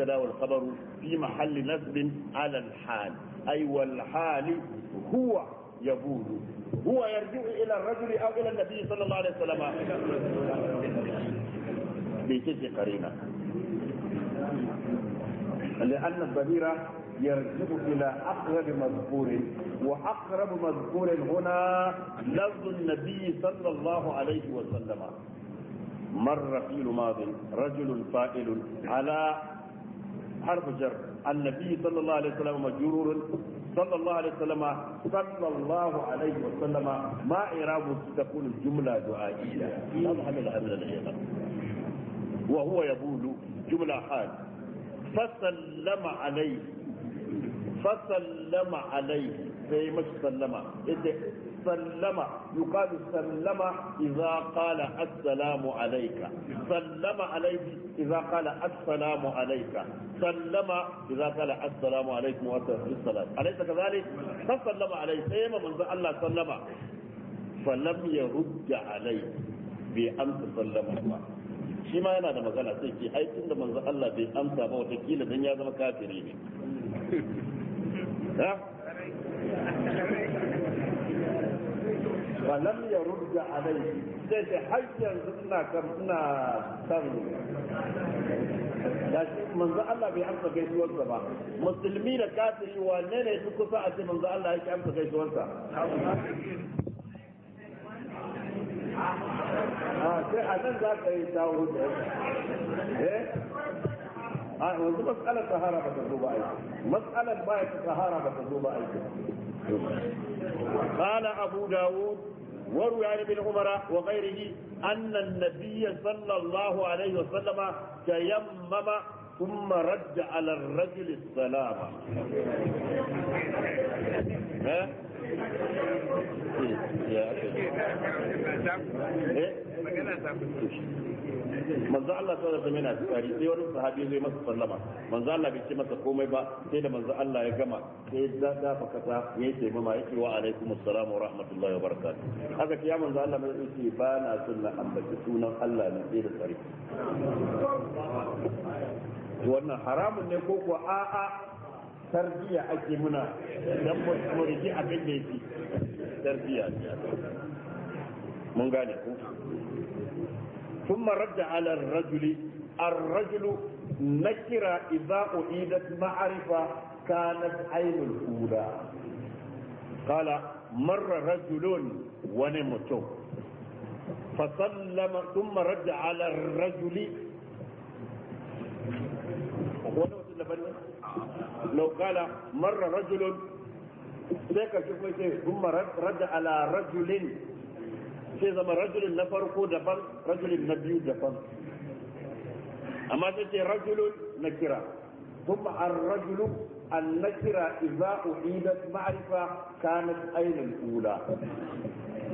المبتدا والخبر في محل نصب على الحال أي والحال هو يبود هو يرجع إلى الرجل أو إلى النبي صلى الله عليه وسلم بجد قرينة لأن الضمير يرجع إلى أقرب مذكور وأقرب مذكور هنا لفظ النبي صلى الله عليه وسلم مر فيل ماض رجل فائل على حرف جر النبي صلى الله عليه وسلم مجرور صلى الله عليه وسلم صلى الله عليه وسلم ما إعراب تكون الجملة دعائية وهو يقول جملة حال فسلم عليه فسلم عليه sai مش sallama sallama yuqalu sallama idza qala assalamu alayka sallama alayhi idza qala assalamu alayka sallama idza qala assalamu alaykum wa sallam alaysa kadhalik fa sallama alayhi sai manzo Allah sallama falam yarudda alayhi bai amsa sallama ba shi ma yana da magana sai ke aikin da manzo Allah bai amsa ba watakila dan ya zama kafiri ne falam ya rudda alai sai ta har yanzu ina kan ina san da shi manzo Allah bai amsa gaisuwarsa ba musulmi da kafiri wa ne su kusa a ce manzo Allah yake amsa gaisuwarsa sai a nan za ka yi tawo da eh a yanzu matsalar sahara ba ta zo ba aiki matsalar baya ta sahara ba ta zo ba aiki قال أبو داود وروي عن ابن عمر وغيره أن النبي صلى الله عليه وسلم تيمم ثم رد على الرجل السلام ها؟ يا أخي. manzo Allah sallallahu alaihi wasallam yana tsari sai wani sahabi zai masa sallama manzo Allah bai ce masa komai ba sai da manzo Allah ya gama sai da da fa kaza yayi sai mama yake wa alaikum assalamu wa rahmatullahi wa barakatuh haka kiya manzo Allah mai ce ba na sunna ambaci sunan Allah ne sai da tsari wannan haramun ne ko kuwa a tarbiya ake muna dan mu rigi abin da yake tarbiya mun gane ku ثم رد على الرجل الرجل نكرة إذا أعيدت معرفة كانت عين الأولى قال مر رجل ونمت فسلم ثم رد على الرجل لو قال مر رجل ثم رد على رجل sai zama rajulun na farko daban rajulun na biyu daban amma sai ce rajulun na kira kuma an rajulu an na kira iza uhidat ma'arifa kanat ainin ula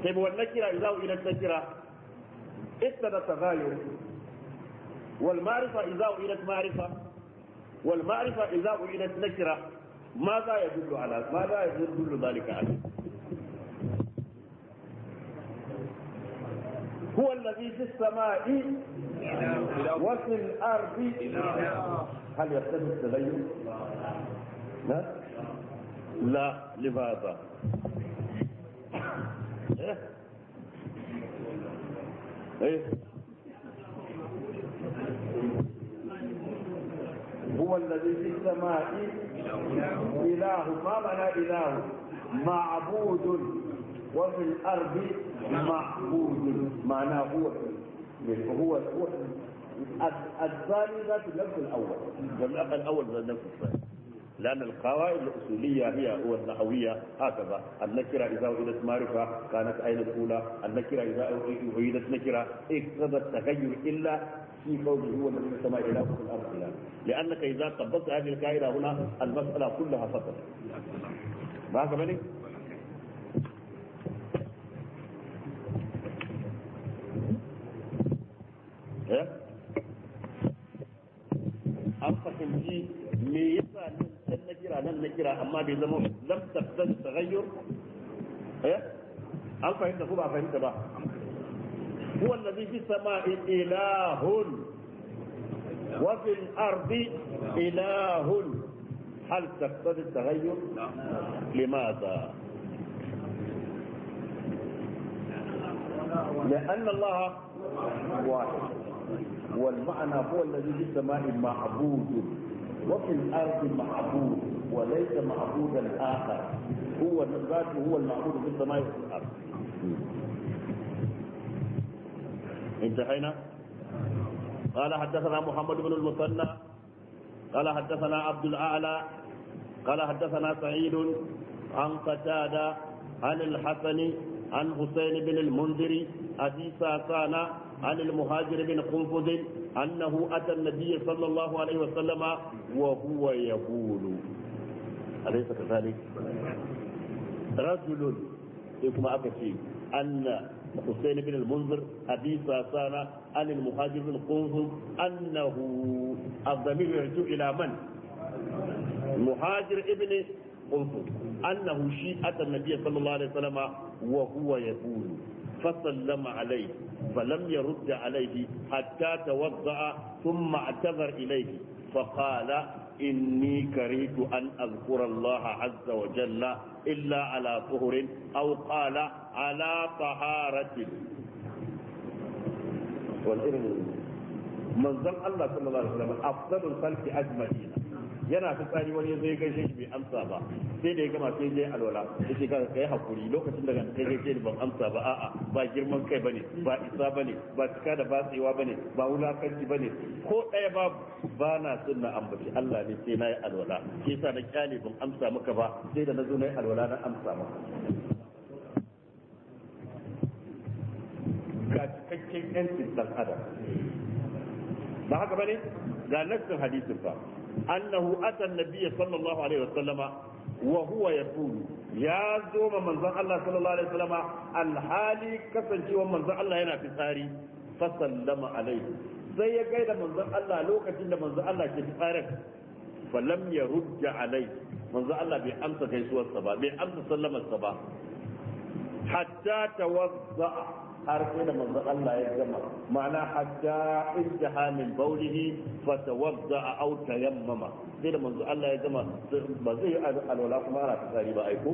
sai bi wannan kira iza uhidat na kira ita da tagayur wal ma'arifa iza uhidat ma'arifa wal ma'arifa iza uhidat nakira ماذا يدل على ماذا يدل ذلك عليه هو الذي في السماء وفي الأرض هل يحتاج التغير؟ لا لا لماذا؟ ايه ايه هو الذي في السماء إله ما معنى إله معبود وفي الأرض معبود معناه هو هو هو الثاني ذات النفس الأول والنفس الأول ذات النفس الثاني لأن القواعد الأصولية هي هو النحوية هكذا النكرة إذا وجدت معرفة كانت أين الأولى النكرة إذا وجدت نكرة اقتضى التغير إلا في قوله هو الذي في السماء إله وفي الأرض إله لأنك إذا طبقت هذه القاعدة هنا المسألة كلها فقط ما فهمني؟ لم bai zama lam tabtan taghayyur eh an fahimta هو الذي في السماء إله وفي الأرض إله هل تقتضي التغير؟ لماذا؟ لأن الله واحد والمعنى هو الذي في السماء معبود وفي الأرض معبود وليس معبودا آخر هو ذاته هو المعبود في السماء وفي الأرض انتهينا قال حدثنا محمد بن المثنى قال حدثنا عبد الأعلى قال حدثنا سعيد عن قتادة عن الحسن عن حسين بن المنذر أبي ساسان عن المهاجر بن قنفذ أنه أتى النبي صلى الله عليه وسلم وهو يقول alaysa kadhalik rajulun sai kuma aka ce anna حسين بن المنذر أبي ساسانة عن المهاجر بن قنصم أنه الضمير يرجع إلى من؟ مهاجر ابن قنصم أنه شيء أتى النبي صلى الله عليه وسلم وهو يقول فسلم عليه فلم يرد عليه حتى توضأ ثم اعتذر إليه فقال إني كريت أن أذكر الله عز وجل إلا على طهر أو قال على طهارة والإرن منزل الله صلى الله عليه وسلم أفضل الخلق أجمعين yana fitsari wani zai gaishe shi bai amsa ba sai da ya gama sai je alwala yace ka kai hakuri lokacin da kai gaishe ban amsa ba a'a ba girman kai bane ba isa bane ba cika da batsewa bane ba wulakanci bane ko ɗaya ba ba na son na ambaci Allah ne sai na yi alwala shi yasa na kyale ban amsa maka ba sai da na zo na yi alwala na amsa maka ga cikakken yancin dan adam ba haka bane ga nassin hadisin ba annahu atan nabiyya sallallahu alaihi wasallama wa huwa yaqulu ya zo ma manzon Allah sallallahu alaihi wasallama alhali kasancewa manzon Allah yana fitsari fa sallama alaihi sai ya gaida manzon Allah lokacin da manzon Allah ke fitsarin fa lam yarudda alaihi manzon Allah bai amsa gaisuwarsa ba bai amsa sallamarsa ba hatta tawazza har sai da manzon Allah ya gama ma'ana hatta izdaha min bawlihi fa tawadda aw tayammama sai da manzon Allah ya gama ba zai yi alwala kuma ana tsari ba aiko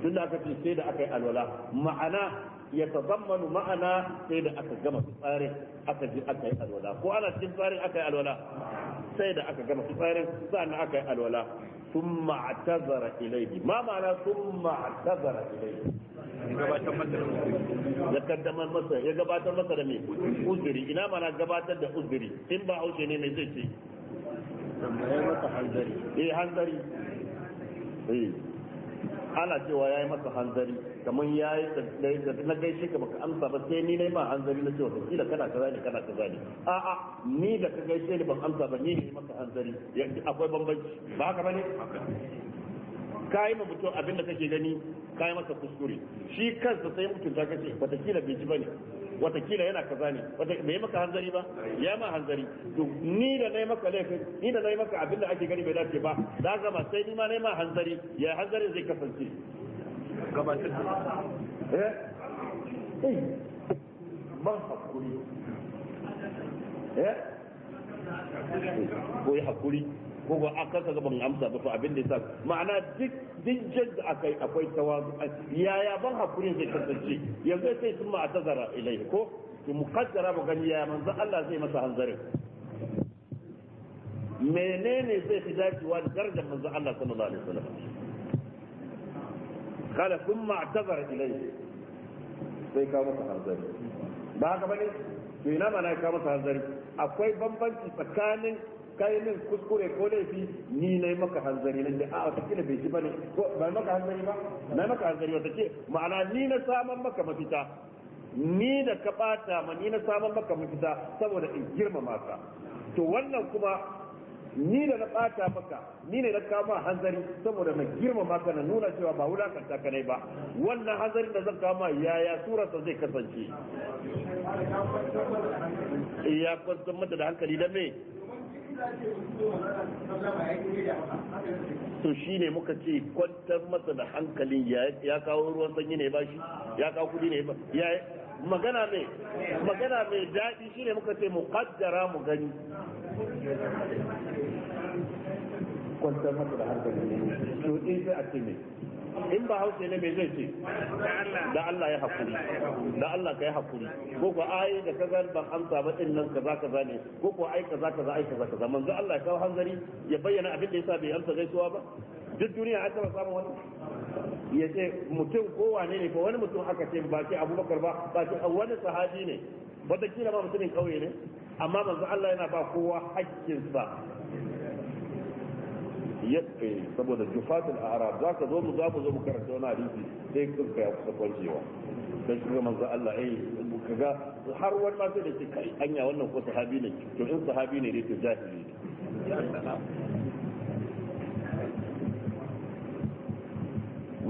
tun da aka ce sai da aka yi alwala ma'ana ya tazammanu ma'ana sai da aka gama tsari aka ji aka yi alwala ko ana cikin tsari aka yi alwala sai da aka gama sai sa'an aka yi alwala ثم اعتذر إليه ما معنى ثم اعتذر إليه ya kaddamar masa ya gabatar masa da mai uzuri ina mana gabatar da uzuri in ba haushe ne mai zai ce tambayar masa hanzari eh hanzari eh ana cewa yi masa hanzari kamar yayi da na gaishe ka baka amsa ba sai ni nayi ma hanzari na cewa kila kana kaza ne kana kaza ne a a ni da ka gaishe ni ban amsa ba ni ne maka hanzari akwai bambanci ba haka bane ka ma mutum abin da kake gani ka yi masa kuskure shi kansa sai mutunta kace wata kila bai ji bane watakila yana kaza ne bai maka hanzari ba ya ma hanzari to ni da nayi maka laifi ni da nayi maka abin da ake gani bai dace ba da gama sai ni ma nayi ma hanzari ya hanzari zai kasance gabatar eh eh ban hakuri eh ko hakuri ko a aka ga ban amsa ba to abin da yasa ma'ana duk duk jadda akai akwai tawazu yaya ban hakurin zai kasance yanzu sai sun ma atazara ilai ko to muqaddara ba gani yaya manzo Allah zai masa hanzarin menene zai fi dacewa da darajar manzo Allah sallallahu alaihi wasallam kala sun ma atazara ilai sai ka masa hanzari ba haka bane to ina ma na ka masa hanzari akwai bambanci tsakanin kai min kuskure ko laifi ni nayi maka hanzari nan da a wata kila bai ji bane ko ba maka hanzari ba na maka hanzari wata ce ma'ana ni na saman maka mafita ni da ka bata ma ni na saman maka mafita saboda in girmama ka to wannan kuma ni da na bata maka ni ne na kama hanzari saboda na girmama ka na nuna cewa ba wulakanta ka ne ba wannan hanzarin da zan kama yaya surarsa zai kasance ya kwantar mata da hankali da me to shi ne muka ce kwantar masa da hankalin ya kawo ruwan sanyi ne ba shi ya kawo kudi ne ba ya magana mai magana mai daɗi shi ne muka ce mu kaddara mu gani kwantar masa da hankalin to in sai a ce mai in ba hausa ne mai zai ce da Allah ya hakuri da Allah ka yi hakuri ko ko ai da kaza ban amsa ba din nan kaza kaza ne ko ko ai kaza kaza ai kaza kaza manzo Allah ya kawo hanzari ya bayyana abin da yasa bai amsa gaisuwa ba duk duniya an taba samun wani ya ce mutum ko wane ne ko wani mutum aka ce ba ce Abubakar ba ba ce wani sahabi ne wata kila ma mutumin kauye ne amma manzo Allah yana ba kowa hakkinsa yakke saboda jufatul a'rab za ka zo mu za mu zo mu karanta wani hadisi sai kanka ya kusa kwancewa sai kuma manzo Allah eh kaga har wani ma sai da ke kai anya wannan ko sahabi ne to in sahabi ne dai to jahili ne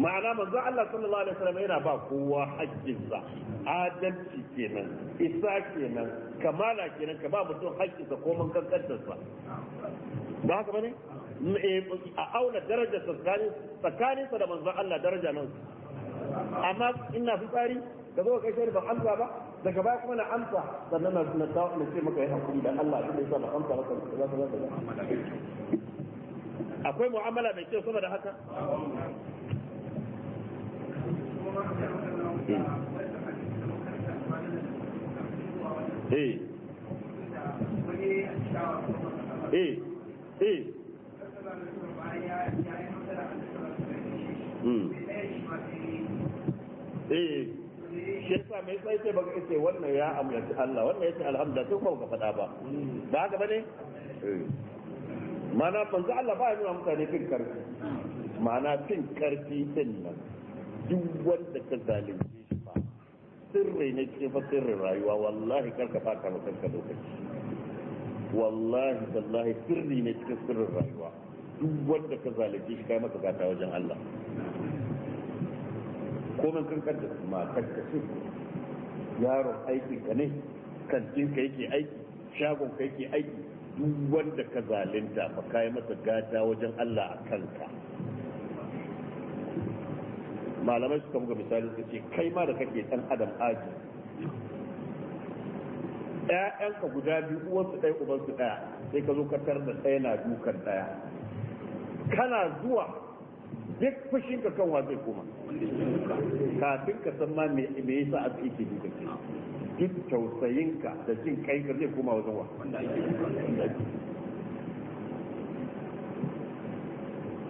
ma'ana manzo Allah sallallahu alaihi wasallam yana ba kowa haƙƙinsa adalci kenan isa kenan kamala kenan ka ba mutum haƙƙinsa ko mun kankantarsa ba haka bane a auna darajar tsakanin tsakaninsa da manzon Allah daraja nan amma ina fitsari da zo kai sai ban amsa ba daga baya kuma na amsa sannan na na ta na ce maka yi hakuri da Allah shi ne yasa ban amsa maka za ka za akwai mu'amala mai kyau saboda haka eh eh eh Hmm. eh shi yasa mai sai sai baka ce wannan ya Allah wannan yace alhamdulillah sai kuma faɗa ba hmm. ba haka bane eh. ma'ana banzu Allah ba ya nuna mutane fin karfi mana fin karfi din nan duk wanda ka zalunce shi ba sirri ne cikin fa sirrin rayuwa wallahi karka ba ka mutunta lokaci wallahi wallahi sirri ne cikin sirrin rayuwa duk wanda ka zalunce shi kai masa gata wajen Allah komin kan kanta matar ka ce yaron aiki ka ne kantin ka yake aiki shagon ka yake aiki duk wanda ka zalunta ka yi masa gata wajen Allah a kanka malamai suka buga misali su ce kai ma da kake dan adam aji Ya'yanka guda biyu uwansu ɗaya ubansu ɗaya sai ka zo ka tarar da ɗaya na dukan ɗaya kana zuwa duk fushin ka kan zai koma kafin ka san ma me yasa a cikin duka duk duk ka da jin kai ka zai koma wajen wa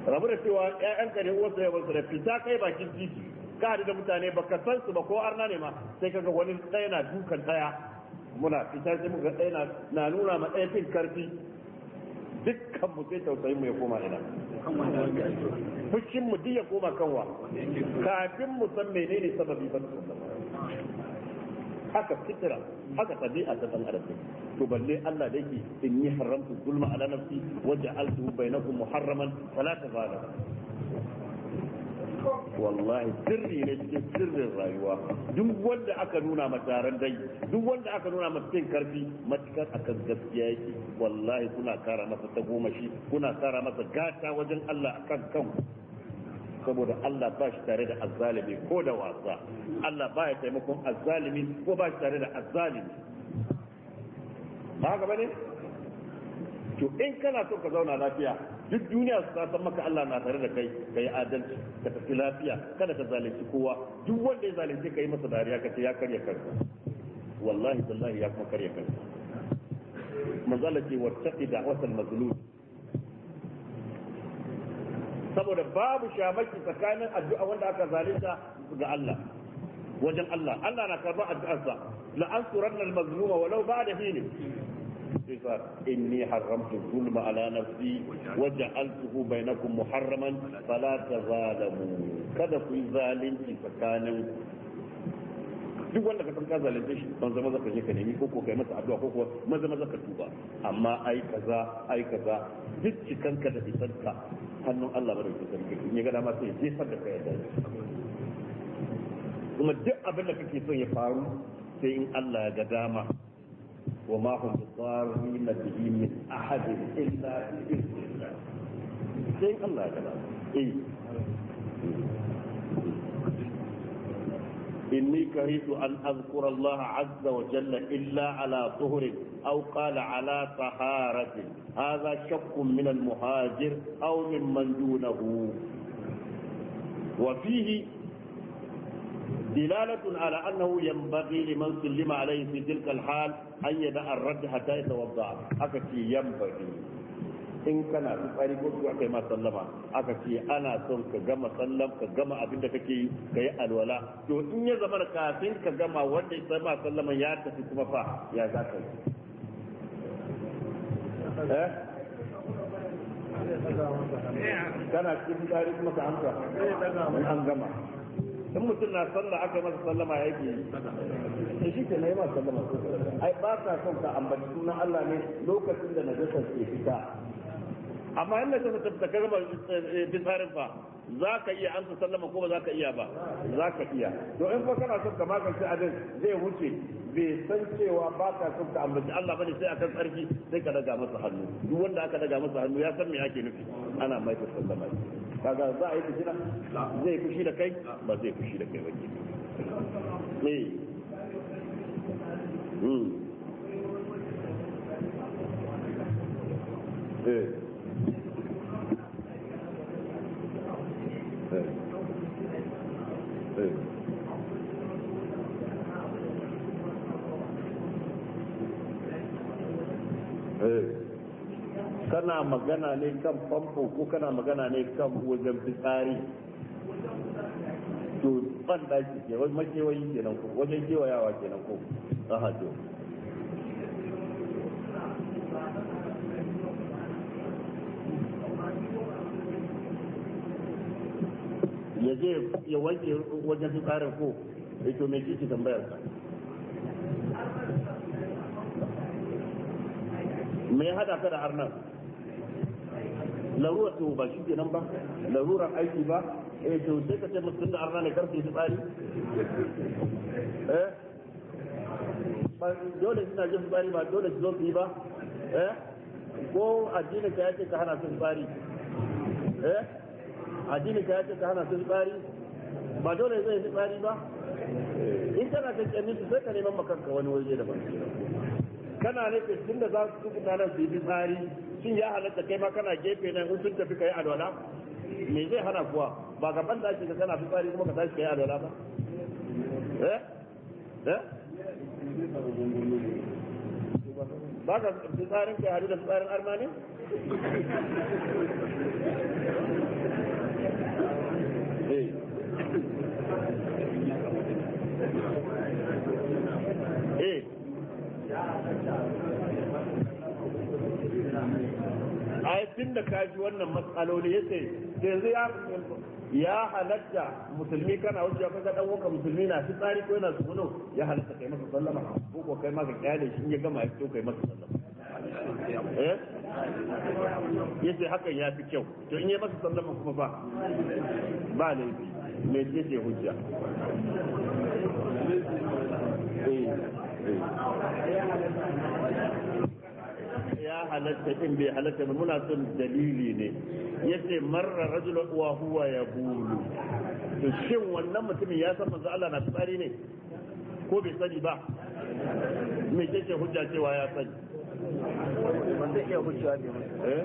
rabu da cewa ƴaƴan ka ne uwarsa ya wasu da fita kai bakin titi ka da mutane baka san su ba ko arna ne ma sai kaga wani ɗaya na dukan ɗaya muna fita sai muka ɗaya na nuna ma ɗaya fin karfi kan mu sai tausayin mu ya koma ina fushin mu duk ya koma kanwa kafin mu san menene sababi ba haka fitira haka tabi'a ta dan arziki to balle Allah da yake in yi haramtu zulma ala nafsi wa ja'altu bainakum muharraman fala tazalamu wallahi sirri ne cikin sirrin rayuwa duk wanda aka nuna ma taron duk wanda aka nuna ma cikin karfi matukar akan gaskiya yake wallahi kuna kara masa ta shi kuna kara masa gata wajen Allah akan kan saboda Allah ba shi tare da azzalimi ko da wasa Allah ba ya taimakon azzalimi ko ba shi tare da azzalimi ba haka bane to in kana so ka zauna lafiya duk duniya su san maka Allah na tare da kai ka yi adalci ka tafi lafiya kada ka zalunci kowa duk wanda ya zalunci ka yi masa dariya ka ce ya karya kansa wallahi billahi ya kuma karya kansa manzala ce wattaqi da'watal mazlum saboda babu shamaki tsakanin addu'a wanda aka zalunta ga Allah wajen Allah Allah na karɓar addu'arsa la ansuranna al-mazluma walau da hinin صفة إني حرمت الظلم على نفسي وجعلته بينكم محرما فلا تظالموا كذا في ظالم zalunci tsakanin duk wanda ka san ka zalunce shi ban zama zaka je ka nemi ko ko kai masa addu'a ko ko maza maza ka tuba amma ai kaza ai kaza duk cikan ka da isanka hannun Allah ba da sarki in ya ga dama sai jefar da kai da kuma duk abin da kake son ya faru sai in Allah ya ga dama وما هم بضارين به من أحد إلا بإذن الله زي الله يا جماعه. اي. إني كرهت أن أذكر الله عز وجل إلا على طهر أو قال على طهارة هذا شق من المهاجر أو ممن دونه وفيه دلالة على أنه ينبغي لمن سلم عليه في تلك الحال أن يدع الرد حتى يتوضع أكتي ينبغي in kana tsari ko kuwa kai ma sallama aka ce ana son ka gama sallam ka gama abin da kake yi ka yi alwala to in ya zama kafin ka gama wanda ya sama sallama ya tafi kuma fa ya za ka yi eh? kana cikin tsari kuma ka in mutum na sallah aka masa sallama yake yi sai shi ke na yi ma sallama ai ba ta son ka ambaci sunan Allah ne lokacin da najasa ke fita amma in da ta fita ka gama bisarin eh, fa za ka iya amsa sallama ko ba za ka iya ba za ka iya to in fa kana son ka magance abin zai wuce bai san cewa ba ka son ka ambaci Allah bane sai akan tsarki sai ka daga masa hannu duk wanda aka daga masa hannu ya san me ake nufi ana mai sallama kaga za a yi fitina zai fushi da kai ba zai fushi da kai ba ke eh. hmm. magana ne kan famfo ko kana magana ne kan wajen fitsari to ban daki ke wajen makewayi nan ko wajen kewayawa nan ko a to ya je ya wanke wajen fitsarin ko ya eh, to mai kike tambayar ka me hada ka da harnan larura to ba shi kenan ba larurar aiki ba eh to sai ka ce da arna ne karfe su tsari eh dole suna jin tsari ba dole su zo su yi ba eh ko addinin ka yace ka hana su tsari eh addinin ka yace ka hana su tsari ba dole zai yi tsari ba in kana kan kyamin su sai ka neman makanka wani waje daban kana nufin tun da za su tsuguna nan su yi fitsari ya halatta kai ma kana gefe nan sun tafi kai alwala me zai hana kuwa ba ga ban daki ka kana fitsari kuma ka tashi kai alwala ba eh? eh ba ka fitsarin kai hadu da fitsarin armani eh, eh. a tun da ka ji wannan matsaloli ya ce yanzu ya ya halatta musulmi kana wuce ka ga dan musulmi na tsari ko yana tsuno ya halatta kai masa sallama ko ko kai ma ka kyale shi ya gama ya fito kai masa sallama eh yace hakan ya fi kyau to in yi masa sallama kuma ba ba laifi me yake hujja eh ya halatta in bai halatta ba muna son dalili ne ce marra rajula wa huwa bulu to shin wannan mutumin ya san manzo Allah na tsari ne ko bai sani ba me yake hujja cewa ya sani wanda iya hujja ne eh, eh.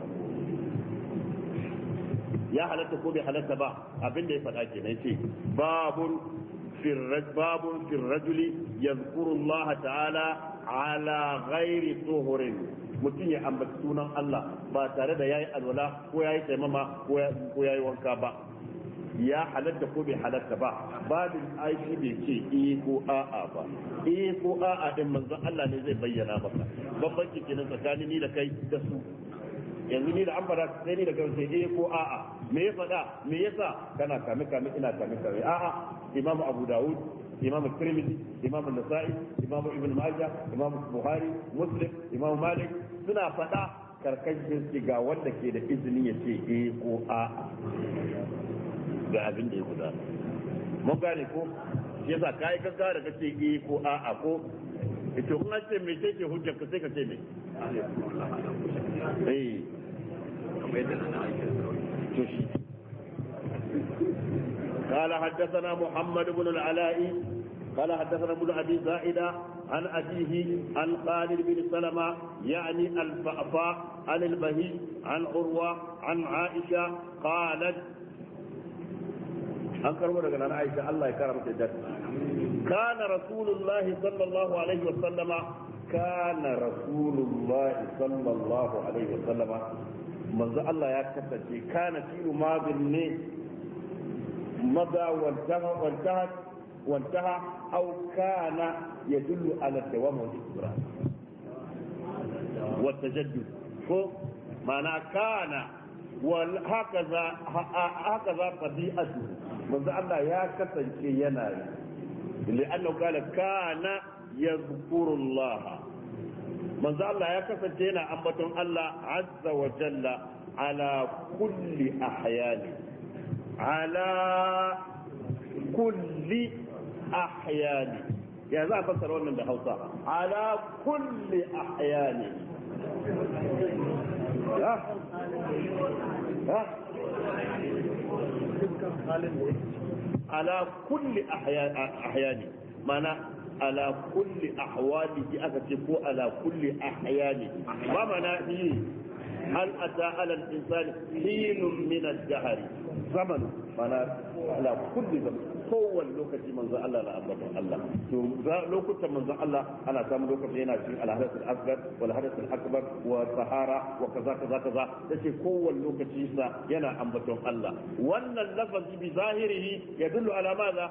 ya halatta ko bai halatta ba abin da ya faɗa nan ce babun babun firrajuli rajuli Allah ta'ala ala ghairi tuhurin mutum ya ambaci sunan Allah ba tare da yayi alwala ko yayi taimama ko yayi wanka ba ya halatta ko bai halatta ba babin aiki bai ce eh ko a'a ba eh ko a'a din manzon Allah ne zai bayyana maka babban kenan tsakanin ni da kai da su yanzu ni da an fada sai ni da kan sai eh ko a'a me ya fada me yasa kana kame kame ina kame kame a'a imam abu daud imam tirmidhi imam nasa'i imam ibn majah imam bukhari muslim imam malik suna fada karkashin su ga wanda ke da izini ya ce eh ko a'a ga abin da ya gudana mun gane ko yasa kai gaggawa da kace eh ko a'a ko ita kuma ce mai ce hujjar ka sai ka ce mai قال حدثنا محمد بن العلاء قال حدثنا ابن ابي زائده عن ابيه عن خالد بن سلمه يعني الفأفاء عن البهي عن عروه عن عائشه قالت an karbo daga nan Aisha Allah ya kara mata dadi kana rasulullah sallallahu alaihi wa kana rasulullah sallallahu alaihi wa manzo Allah ya kasance kana filu madin ne maza wantaha wantaha wantaha aw kana yadullu ala dawam wal istikrar wa tajaddud ko mana kana wal hakaza hakaza tabi'atu manzo Allah ya kasance yana yi li'annahu qala kana yadhkuru Allah manzo Allah ya kasance yana ambaton Allah azza wa jalla ala kulli ahyani ala kulli ahyani ya za a fassara wannan da Hausa ala kulli ahyani ala kulli ahyani mana ala kulli ahwalihi aka ce ko ala kulli ahyani ba mana yi hal ata ala al-insan hinun min ad-dahr zaman mana ala kulli zaman kowanne lokaci manzo Allah na ambaton Allah to lokutan manzo Allah ana samun lokaci yana cikin al-hadath al-asghar wal hadath al-akbar wa sahara wa kaza kaza kaza yace kowanne lokaci sa yana ambaton Allah wannan lafazi bi zahirihi yadullu ala madha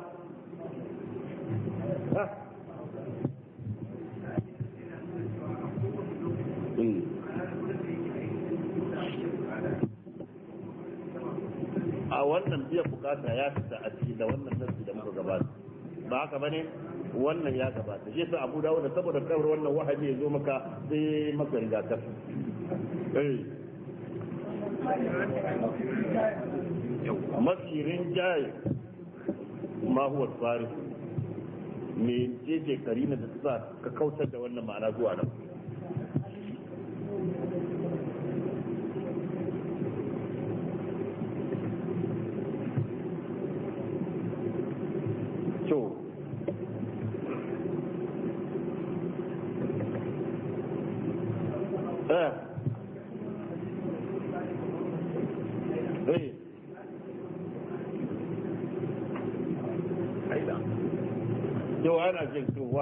wannan biyan bukata ya fita a cikin da wannan nasi da muka gabata ba haka ba ne wannan ya gabata shi yasa Abu da wanda saboda kawar wannan wahabi ya zo maka sai maka rigakafi eh. masirin jaye ma huwa tsari karina da ta ka kautar da wannan ma'ana zuwa nan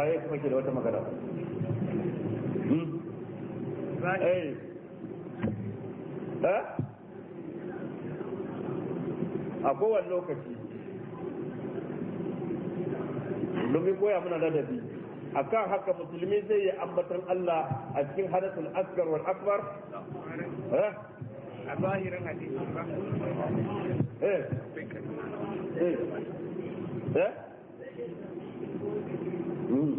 waye kuma ke da wata magana eh a kowane lokaci domin koya muna ladabi akan haka musulmi zai yi ambatan Allah a cikin hadathul asgar wal akbar a zahirin hadisi ba eh eh eh Hmm.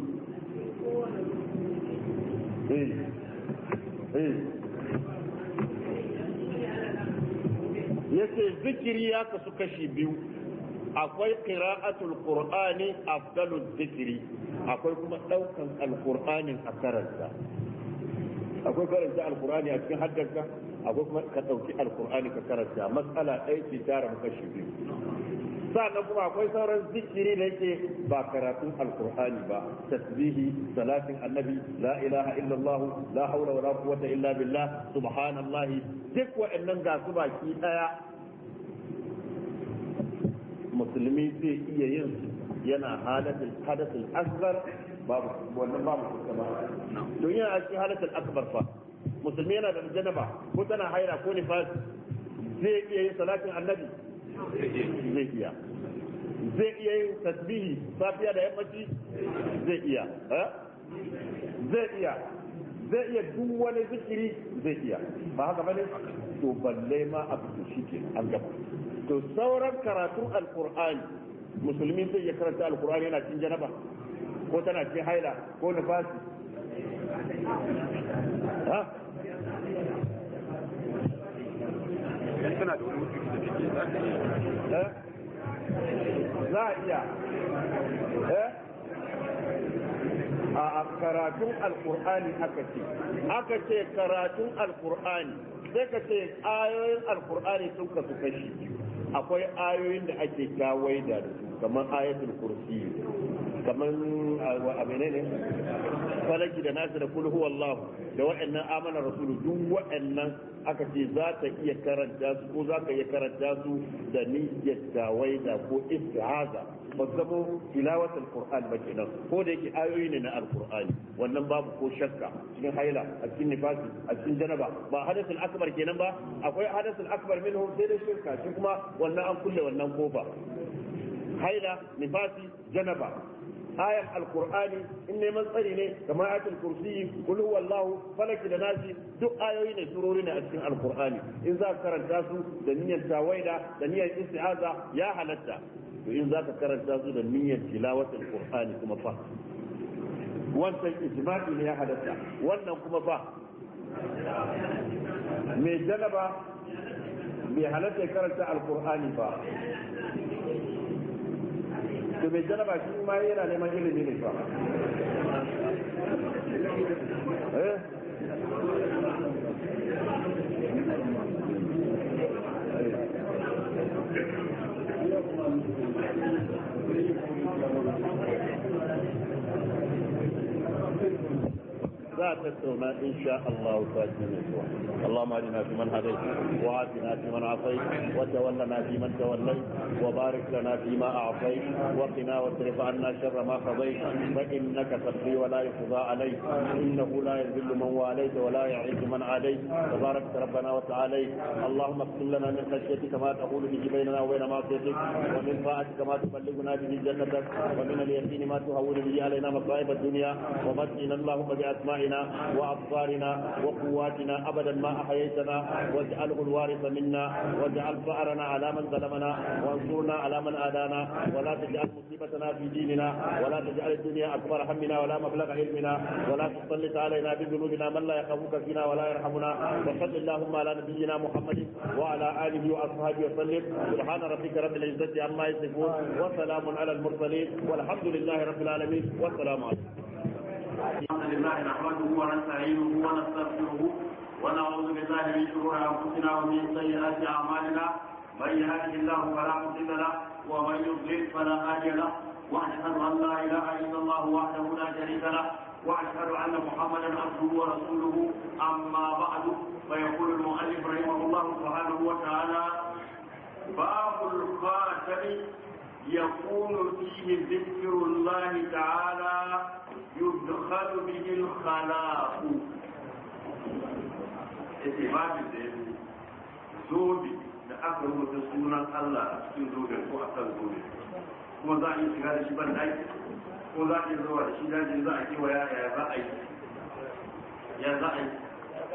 Eh. Eh. yace zikiri ya kasu kashi biyu akwai qira'atul qur'ani afdalul zikiri akwai kuma daukan alqur'anin a karanta akwai karanta alqur'ani a cikin haddarsa akwai kuma ka ɗauki alqur'ani ka karanta matsala ɗaya ce tara kashi biyu sannan kuma akwai sauran zikiri da yake ba karatun alkur'ani ba tasbihi salatin annabi la ilaha illallah la haula wala quwwata illa billah subhanallahi duk wa'annan ga su baki daya musulmi zai iya yin yana halatul hadathul asghar babu wannan babu kuma don yana cikin halatul akbar fa musulmi yana da janaba ko tana haira ko nifas zai iya yin salatin annabi zai iya zai iya yin tasbihi safiya da yammaci zai iya eh? zai iya zai iya duk wani zikiri zai iya ba haka bane to balle ma abu shi shike an gaba to sauran karatun alqur'ani musulmi zai iya karanta alqur'ani yana cin janaba ko tana cin haila ko nifasi ha idan kana da wani mutum da za ka iya za a iya eh? a karatun alkur'ani aka ce aka ce karatun alkur'ani sai ka ce ayoyin alkur'ani sun kasu kashi akwai ayoyin da ake kawai da su kamar ayatul kursi kamar a menene falaki da nasu da kul huwa Allah da wa'annan amana rasulu duk wa'annan aka ce za ka iya karanta su ko za ka iya karanta su da niyyar da ko istihaza ba zamo tilawatul qur'an ba kenan ko da yake ayoyi ne na alqur'ani wannan babu ko shakka cikin haila a cikin nifasi a cikin janaba ba hadathul akbar kenan ba akwai hadathul akbar minhu sai da shirka shi kuma wannan an kulle wannan kofa haila nifasi janaba ayan alqur'ani in neman tsari ne da ayatul kursi kul Wallahu falaki da nasi duk ayoyi ne surori ne a cikin alqur'ani in za ka karanta su da niyyar tawaida da niyyar isti'aza ya halatta to in za ka karanta su da niyyar tilawatul qur'ani kuma fa wannan ijma'i ne ya halatta wannan kuma fa me janaba bai halatta karanta alqur'ani ba to mai janaba shi ma yana neman ilimi ne fa eh فاتتهما إن شاء الله فاتنا اللهم اهدنا في من هديت وعافنا في من وتولنا في من توليت وبارك لنا فيما أعطيت وقنا واصرف عنا شر ما قضيت فإنك تقضي ولا يقضى عليك إنه لا يذل من واليت ولا يعز من عليك تبارك ربنا وتعاليت اللهم اغفر لنا من خشيتك ما تقول به بيننا وبين معصيتك ومن طاعتك ما تبلغنا به جنتك ومن اليقين ما تهون به علينا مصائب الدنيا ومتنا اللهم بأسمائنا أسماعنا وأبصارنا وقواتنا أبدا ما أحييتنا واجعله الوارث منا واجعل فأرنا على من ظلمنا وانصرنا على من آذانا ولا تجعل مصيبتنا في ديننا ولا تجعل الدنيا أكبر همنا ولا مبلغ علمنا ولا تسلط علينا بذنوبنا من لا يخافك فينا ولا يرحمنا وصل اللهم على نبينا محمد وعلى آله وأصحابه وسلم سبحان ربك رب العزة عما يصفون وسلام على المرسلين والحمد لله رب العالمين والسلام عليكم الحمد لله نحمده ونستعينه ونستغفره ونعوذ بالله من شرور انفسنا ومن سيئات اعمالنا من يهده الله فلا مضل له ومن يضلل فلا هادي له واشهد ان لا اله الا الله وحده لا شريك له واشهد ان محمدا عبده ورسوله اما بعد فيقول المؤلف رحمه الله سبحانه وتعالى باب الخاتم يكون فيه ذكر الله تعالى yukhalu bihi al-khalaq da yazo zobe da aka rubuta sunan Allah a cikin zobe ko a kan zobe kuma za a yi shiga da shi ban daki ko za a yi zuwa da shi daji za a kewaya ya za a yi ya za a yi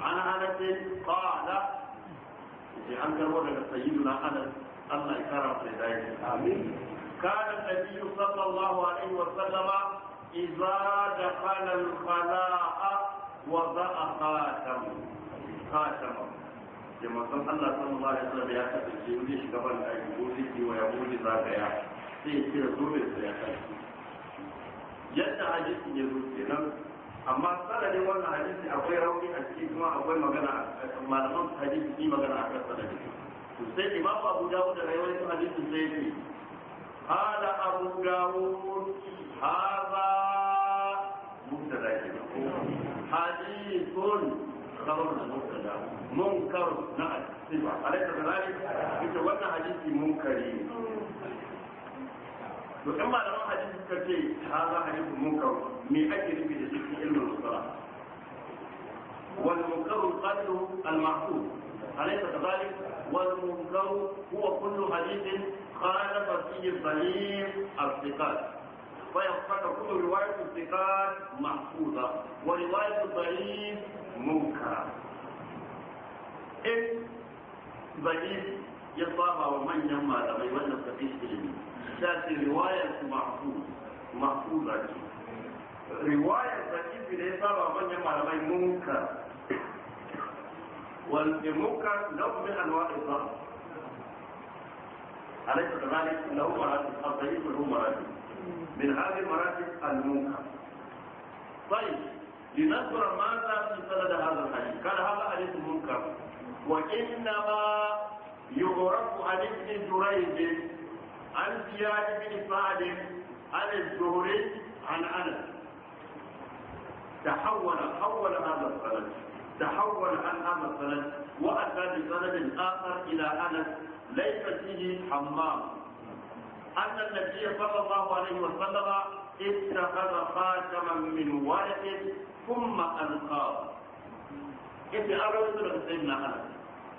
an anas qala ji an karbo daga sayyiduna anas Allah ya kara masa dai amin kana nabi sallallahu alaihi wa sallama idza dakhala al-khala'a wa za'a khatam khatam da manzon Allah sallallahu alaihi wa sallam ya kasance wuri shugaban da ake wuri wa ya wuri zagaya sai ya kira zuwa ya kai yadda hadisin ya zo kenan amma sanadin wannan hadisi akwai rauni a cikin kuma akwai magana malaman hadisi ni magana akan sanadin to sai imam abu dawud da rawayin hadisi sai ne hada abu dawud hadha da ke hadithun kamar da mubtada munkar na asiba da zalika ita wannan hadisi munkari mutum ba da ma hadisi ka ce ha za a jifin munkaru me ake nufi da cikin ilmin sutura wani munkaru kalu almahu alai ta kazali wani munkaru kuwa kullum hadisin kala fasiyi salim afrikar bai fata kullum riwayat afrikar mahfuza wani wani salim muka. in zaki ya saba wa manyan malamai wannan fasiyi ilimin za ce riwayar su mahfuza ce riwayar sahihi da ya saba manyan malamai munkar والمنكر له من انواع الضعف اليس كذلك له مراتب الضعيف له مراتب من هذه المراتب المنكر طيب لننظر ماذا في سند هذا الحديث قال هذا حديث منكر وانما يعرف عن ابن جريج عن زياد بن سعد عن الزهري عن انس تحول حول هذا السند تحول عن هذا السند واتى بسند اخر الى انس ليس فيه حمام ان النبي صلى الله عليه وسلم اتخذ خاتما من ورق ثم القاه yace an سيدنا daga sayyidina Anas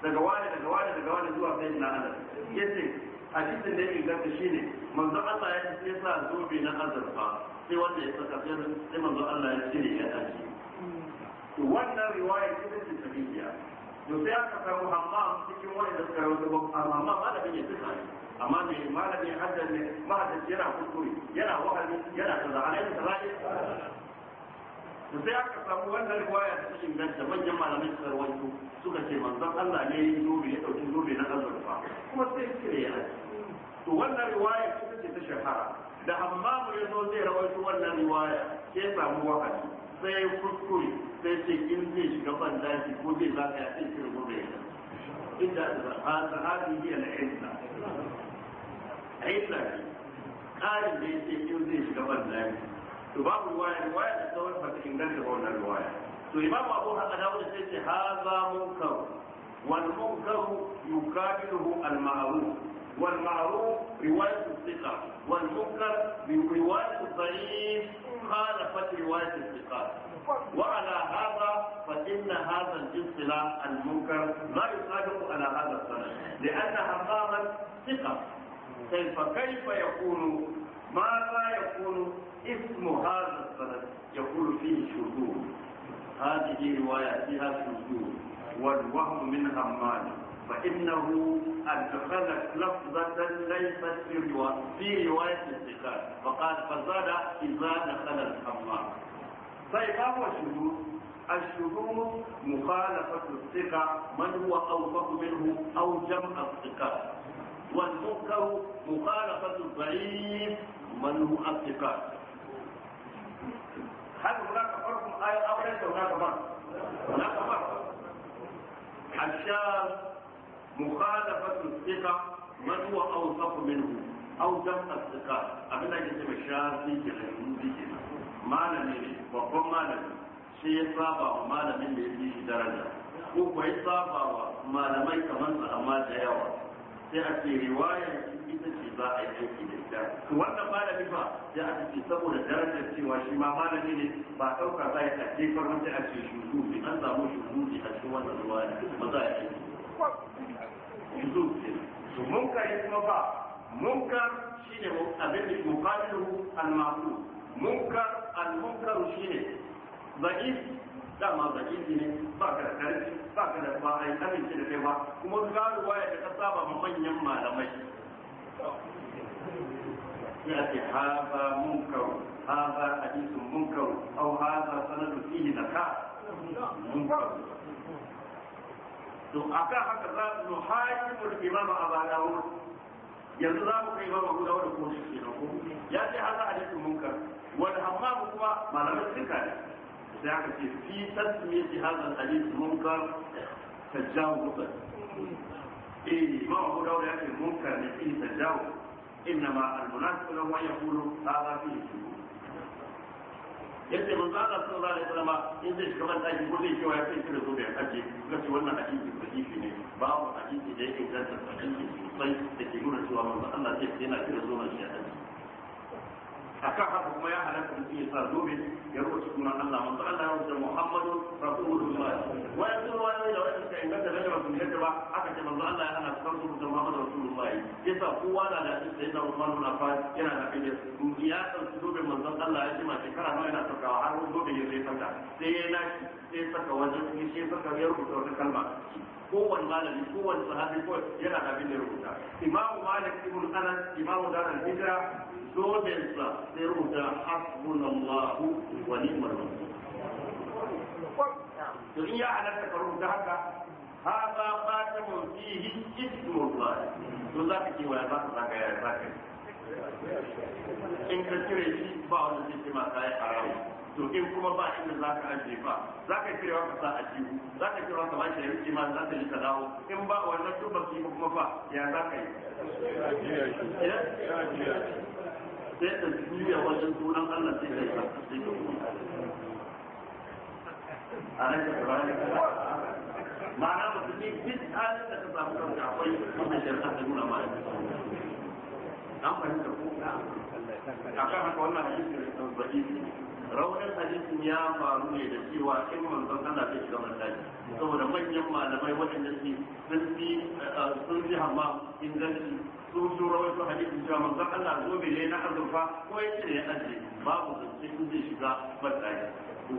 daga wani daga wani hadisin da ya inganta shine manzo Allah ya ce sa zobe na azurfa sai wanda ya saka sai manzo Allah ya cire ya dace wannan riwaya ce ta sahihiya to sai aka samu amma cikin wanda suka rawaito ba amma malamin ya tsaya amma mai malami haddan ne da yana kuskure yana wahali yana kaza da rai da sai aka samu wannan riwaya da cikin ganta manyan malamai suka su suka ce manzo Allah ne ya yi zobe ya dauki zobe na azurfa kuma sai kire ya to wannan riwaya ita ce ta shahara da hammamu ya zo zai rawaito wannan riwaya ke samu wahayi sai kuskure sai ce in zai shiga ban ko zai zaka ya sai kira gobe ya inda sahabi hiya na a yi lafi ƙarin da ya ce in zai shiga ban to babu riwaya riwaya da tsawon fata inganta wannan riwaya to imamu abu haka dawo wani sai ce haza munkar mun munkaru yukabiluhu al ma'ruf والمعروف رواية الثقة والمنكر رواية الضعيف خالفت رواية الثقة وعلى هذا فإن هذا الاصطلاح المنكر لا يصادق على هذا السند لأنها قامت ثقة كيف كيف يكون ماذا يكون اسم هذا السند يقول فيه شذوذ هذه رواية فيها شذوذ والوهم منها مالك فإنه أدخل لفظة ليست في رواية في رواية الثقات فقال فزاد إذا دخل الحمام طيب هو الشذوذ الشذوذ مخالفة الثقة من هو أوثق منه أو جمع الثقات والمنكر مخالفة الضعيف من هو الثقات هل هناك فرق آية أو ليس هناك فرق؟ هناك فرق الشاذ مخالفة الثقة من هو أوثق منه أو دفع الثقة أبدا كتب الشافي كالهندي ما نمي وقم ما نمي شيء صابع ما نمي بيديه درجة وكوي صابع ما نمي كمان سأما جيوة sai a ce riwayar ita ce za a yi aiki da ita malami ba sai a ce saboda darajar cewa shi ma ne ba ɗauka za a yi a jefar mata an samu shuzu a cikin wannan ruwa ba za a yi yanzu to munkar ya kuma ba munkar shine abin da muqabilu al-ma'qul munkar al-munkar shine zaqif dama zaqif ne ba ka da karfi ba ka da ba ai amince da kai ba kuma ga waya da ka saba manyan malamai يأتي هذا منكر هذا حديث منكر أو هذا سند فيه نكاح منكر to akan haka za su no a ba da wuri yanzu za mu kai imam guda wani kuma shi na ko ya ce hada munka wani wal mu kuma malamin suka ne sai aka ce fi tasmiyati hadha hadith munkar tajawuz eh imam guda wani ya ce munka ne fi ma إنما المناسب له أن يقول هذا فيه شرور yadda mun manzo Allah sallallahu alaihi wasallam in zai shiga ban daki ko zai shiga ya sai kira zobe a kaje kuma ce wannan hadisi sahihi ne mu hadisi da yake da sahihi sosai da ke nuna cewa manzo Allah sai yana kira zobe shi a kaje akan haka kuma ya halatta mutum ya sa zobe ya rubuta kuma Allah wa sallallahu alaihi Muhammadu rasulullah wa yanzu wa ne da wannan sai inganta da ba kun aka ce manzo Allah yasa kowa da da sai yana da kai ya Allah ya ce shekara nawa yana sakawa har ya sai kalma kowane malami kowane sahabi ko yana da abin da rubuta imamu malik ibn anas imamu darul hijra dole sa sai rubuta hasbunallahu wa ni'mal wakil to in ya halatta ka rubuta haka ba hada khatamun fihi ismullah to zaka ce wala zaka zaka ya zaka in ka cire shi ba wani zai ce ma sai to in kuma ba inda za ka aje ba za ka kirewa ka sa a za ka kirewa ka bashi yanki ma za ta yi ka in ba wannan to ba su yi kuma ba ya za ka yi sai da juya wajen sunan Allah sai da ya sai a nan ka ma'ana musulmi duk halin da ka samu kanka akwai wannan ta nuna an fahimta ko a kan haka wannan hadisi da ya raunin hadisin ya faru ne da cewa in manzon Allah bai shiga masaji saboda manyan malamai waɗanda su sun fi eh, eh, sun fi hamma inganci sun rawar su hadisin cewa manzon Allah zobe ne na azurfa ko ya ce ya aje babu zance in zai shiga masaji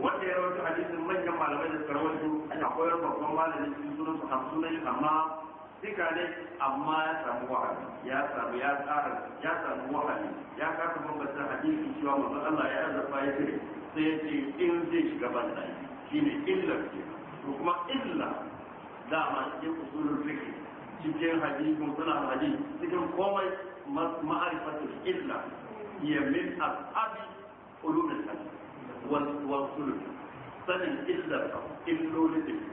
wanda ya rawar su hadisin manyan malamai da su rawar su akwai babban malami sun su hamsu ne amma duka ne amma ya samu wahayi ya samu ya tsara ya samu wahayi ya kasa bambanta hadisi cewa manzon Allah ya azurfa ya ce sai ce in zai shiga banda ne illa ke to kuma illa ma cikin usulul fiqh cikin hadisi sunan hadisi cikin komai ma'arifatul illa ya min ashabi ulul hadisi wal usulul sanin illa illolin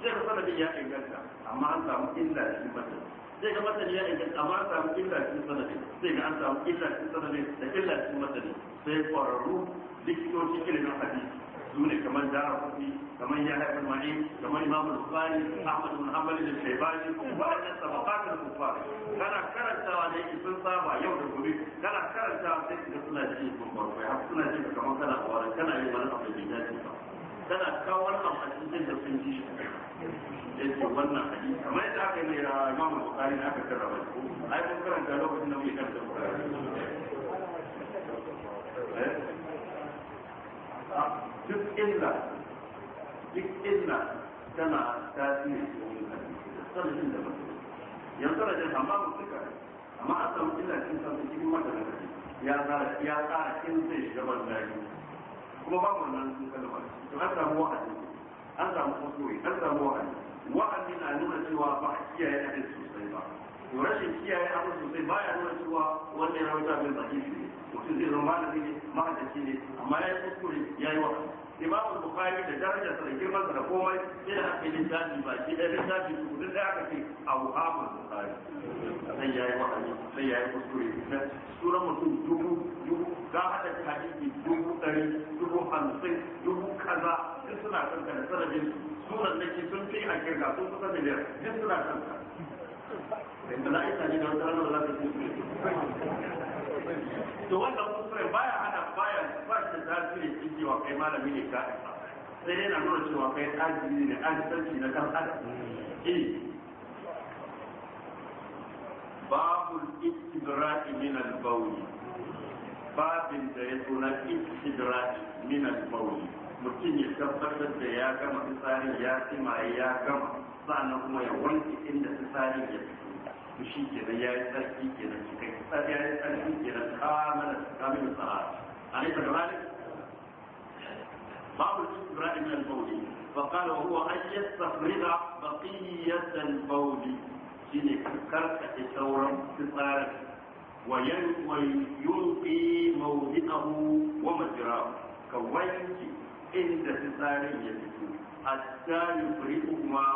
da ke sai ka sanadin ya inganta amma an samu illa shi mata sai ga masani ya inganta amma an samu illa shi sanadin sai ga an samu illa shi sanadin da illa shi masani. sai kwararru likitoci ilimin hadisi su ne kamar jara kufi, kamar ya haifar mani kamar imamu bukari ahmad bin hanbali da shaibani waɗannan sabakatar kufar kana karantawa da yake sun saba yau da gobe kana karantawa sai ka suna ji sun barko ya suna ji kamar kana kawar kana yi wani abu da ya dace ba kana kawar abu a cikin da sun ji shi ingancin wannan hadisi kamar yadda aka yi mai ah, imamu bukari na aka karrama shi ai mun karanta lokacin da muke karanta bukari eh? ah, duk illa duk illa tana tasiri cikin hadisi sanadin da mutum yanzu da jin amma mutum amma an samu illa cikin sanadin cikin mata da hadisi ya tsara ya tsara kin zai shiga bandaki kuma babu wannan sun kalma to an samu wa'azi an samu kuskure an samu wa'azi wa'anni na nuna cewa ba a kiyaye abin sosai ba to rashin kiyaye abin sosai baya nuna cewa wanda ya rawaita bin baki ne mutum zai zama malami ne mahaddaci ne amma ya yi kuskure ya yi wa'anni imam bukhari da darajar sa da girman sa da komai sai da aka lissafi ba shi da lissafi su da aka ce abu abu bukhari sai yayi wa'azi sai yayi kuskure sai sura mutum dubu dubu ga hada hadisi dubu dari dubu hamsin dubu kaza duk suna kanka da sanadin suran nake sun fi a kirga sun kusa biyar duk suna kanka da mala'ika ne da wata ranar da za to wannan kuskure baya hana baya ba shi da tasiri cewa kai malami ne ka sai yana nuna cewa kai ajiyar ne ajiyarci na kan adam eh. babu istibra'i min al-bawl babin da ya zo na min al-bawl mutum ya tabbatar da ya gama fitsarin ya timaye ya gama sannan kuma ya wanke inda fitsarin ya fito to shi kenan ya yi tsarki kenan cikai fitsari ya yi tsarki kenan kamar kamar tsara a ne da بعض الاستبراء من البول فقال وهو أن يستفرغ بقية البول شيني كركة ثورا فطارا ويلقي موضعه ومجراه كوينك عند فطار يفتو حتى يفرغهما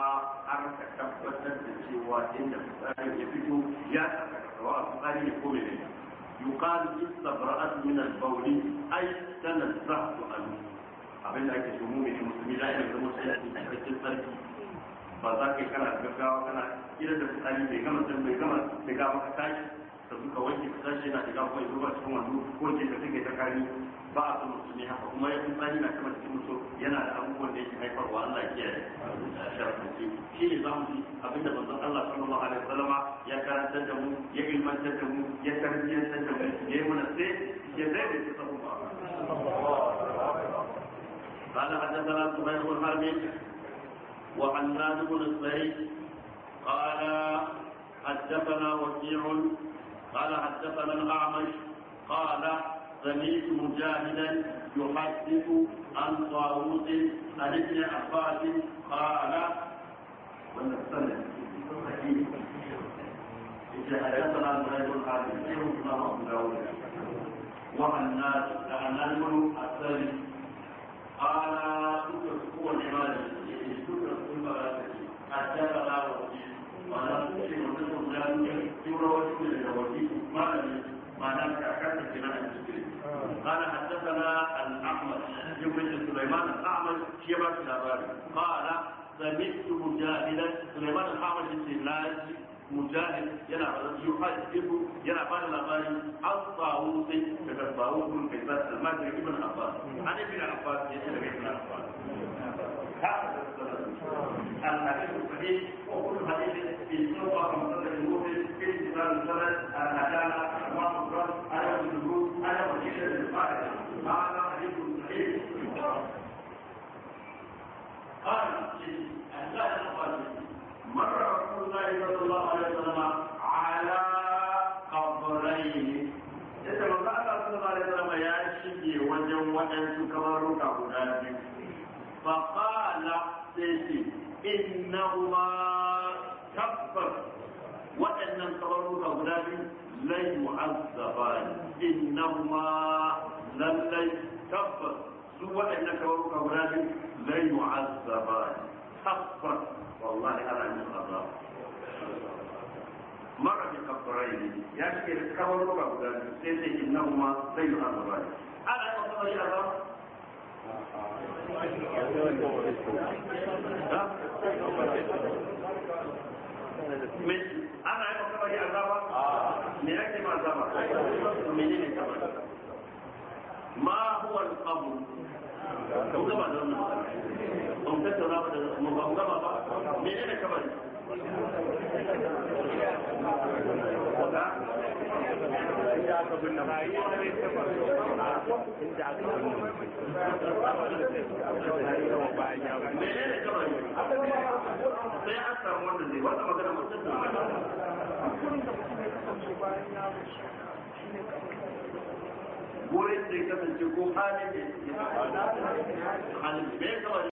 حركة كفة سوى عند فطار يفتو يا سواء فطار يقوم يقال استبرأت من البول أي تنزهت عنه abin da ake shumu mai musulmi za a yi zama sai a cikin sarki ba za ka yi kana gaggawa kana idan da fitsari bai gama sai bai gama sai ga maka tashi da suka wanke ka tashi yana shiga kuma ya zuba cikin wando ko ce ka kai ta kari ba a son musulmi haka kuma ya fitsari na kama cikin mutum yana da abubuwan da yake haifarwa Allah ya kiyaye shi ne za mu ji abin da manzon Allah sallallahu alaihi wasallama ya karantar da mu ya ilmantar da mu ya tarbiyyantar da mu ya yi mana sai ya zai da su sabon ba قال حدثنا سهير بن حرب وعناد بن الزهيد قال حدثنا وكيع قال حدثنا الاعمش قال سمعت مجاهدا يحدث عن طاووس عن ابن عباس قال ونستمع حدثنا زهير بن حرب وعن ناس كان قال اتركوا الحمالة يعني اتركوا المرأة حتى بلاغوا ولا تسلم منهم لا يروج من الوجيه ما لم ما لم تعكس جناح قال حدثنا الاحمد يوم سليمان الاعمش شيبه الاباري قال سمعت مجاهدا سليمان الاعمش في mujahid yana faɗa yuhaddibu yana ba da labari an tsawo sai daga tsawo kun kai zan almajiri ibn abbas an ibn abbas ya ce daga ibn abbas الحديث الصحيح وكل حديث في سوى خمسة الموت في انتظار الزمن العدالة والقدرة على الجهود على وجيشة للقائد هذا حديث صحيح قال الله القادم مر رسول الله صلى الله عليه ya shige wajen waɗansu kabaruka guda biyu fa qala sai ce innahuma tabbas waɗannan kabaruka guda biyu lai mu'azzaban innahuma lallai tabbas su waɗannan kabaruka guda biyu lai mu'azzaban tabbas والله أنا من الله مر بقبرين يشكي يعني الكبر وقبر سيد إنهما زي الأرض أنا أصدر يا رب من أنا أصدر يا رب من أجل ما زمر منين ما هو القبر kun gaba da wannan ba mu tattauna ba da mu ba mu gaba ba me ne kamar wata inda me ne sai an samu magana da mutum ya kasance bayan ya mutu wurin da ya kasance ko halin da ya kasance halin da ya